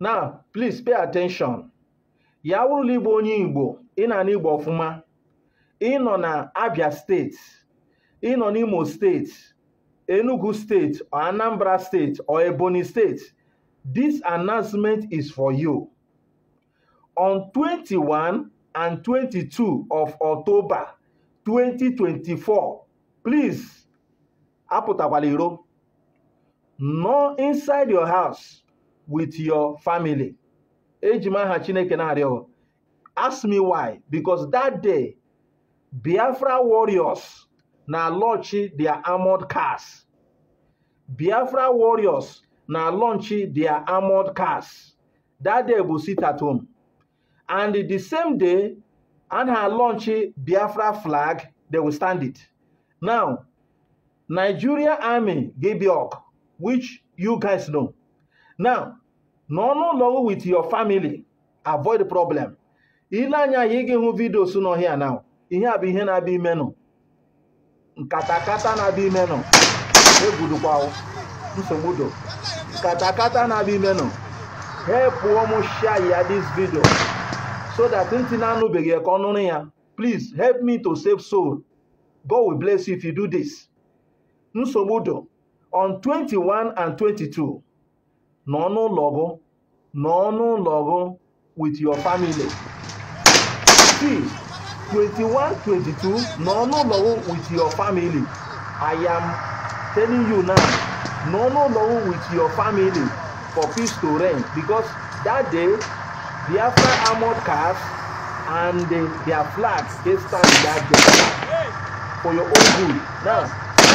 now please pay attention Yawuru wụrụla ịbụ onye igbo ị na ọfụma ịnọ na abia steeti ịnọ n'imo steeti enugu steeti or anambra steeti or ebonyi steeti this announcement is for you on 21 and 22 of october 2024 please apụtakwala iro nọ inside your house with your family eji m ask me why because that day biafra warriors na launch their armored cars biafra warriors na launch their armored cars that day we sit at home and the same day and her launch biafra flag they will stand it now nigeria army gibeok which you guys know now n'ọnụ ụlọ with your family avoid problem ile anya ya ịga hụ vidio so n'ọhịa na ihe a bụ ihe na-abịa imenụ nkatakata na-abịa imenụ egwudukwa nsogbu do nkatakata na-abịa imenụ helpụọ m share ya this video so that ntị na-anụbeghị ka ọ ya please help me to save soul God will bless you if you do this nsogbu do on 21 and 22 nọọ n'ụlọ gụ nọọ n'ụlọ gụ with your family c 21-22 nọọ n'ụlọ gụ with your family i am telling you now nọọ n'ụlọ gụ with your family for peace to reign because that day biafra armored cars and uh, their flags dey stand that day for your own good now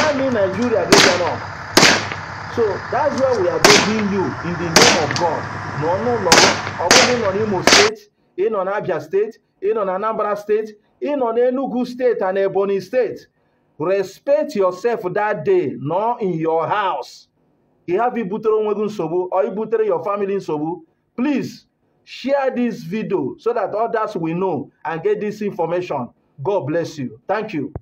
tell me nigeria dey turn up so that's why we are begging you in the name of god na ọnụ ụlọ ọ bụrụ ịnọ n'imo steeti ịnọ n'abia steeti ịnọ na anambra ịnọ n'enugu steeti and ebonyi State. respect yourself that day nọ in your house ịhapụ ibutere onwe gị nsogbu ọ ibutere your family nsogbu please share this video so that others will know and get this information god bless you thank you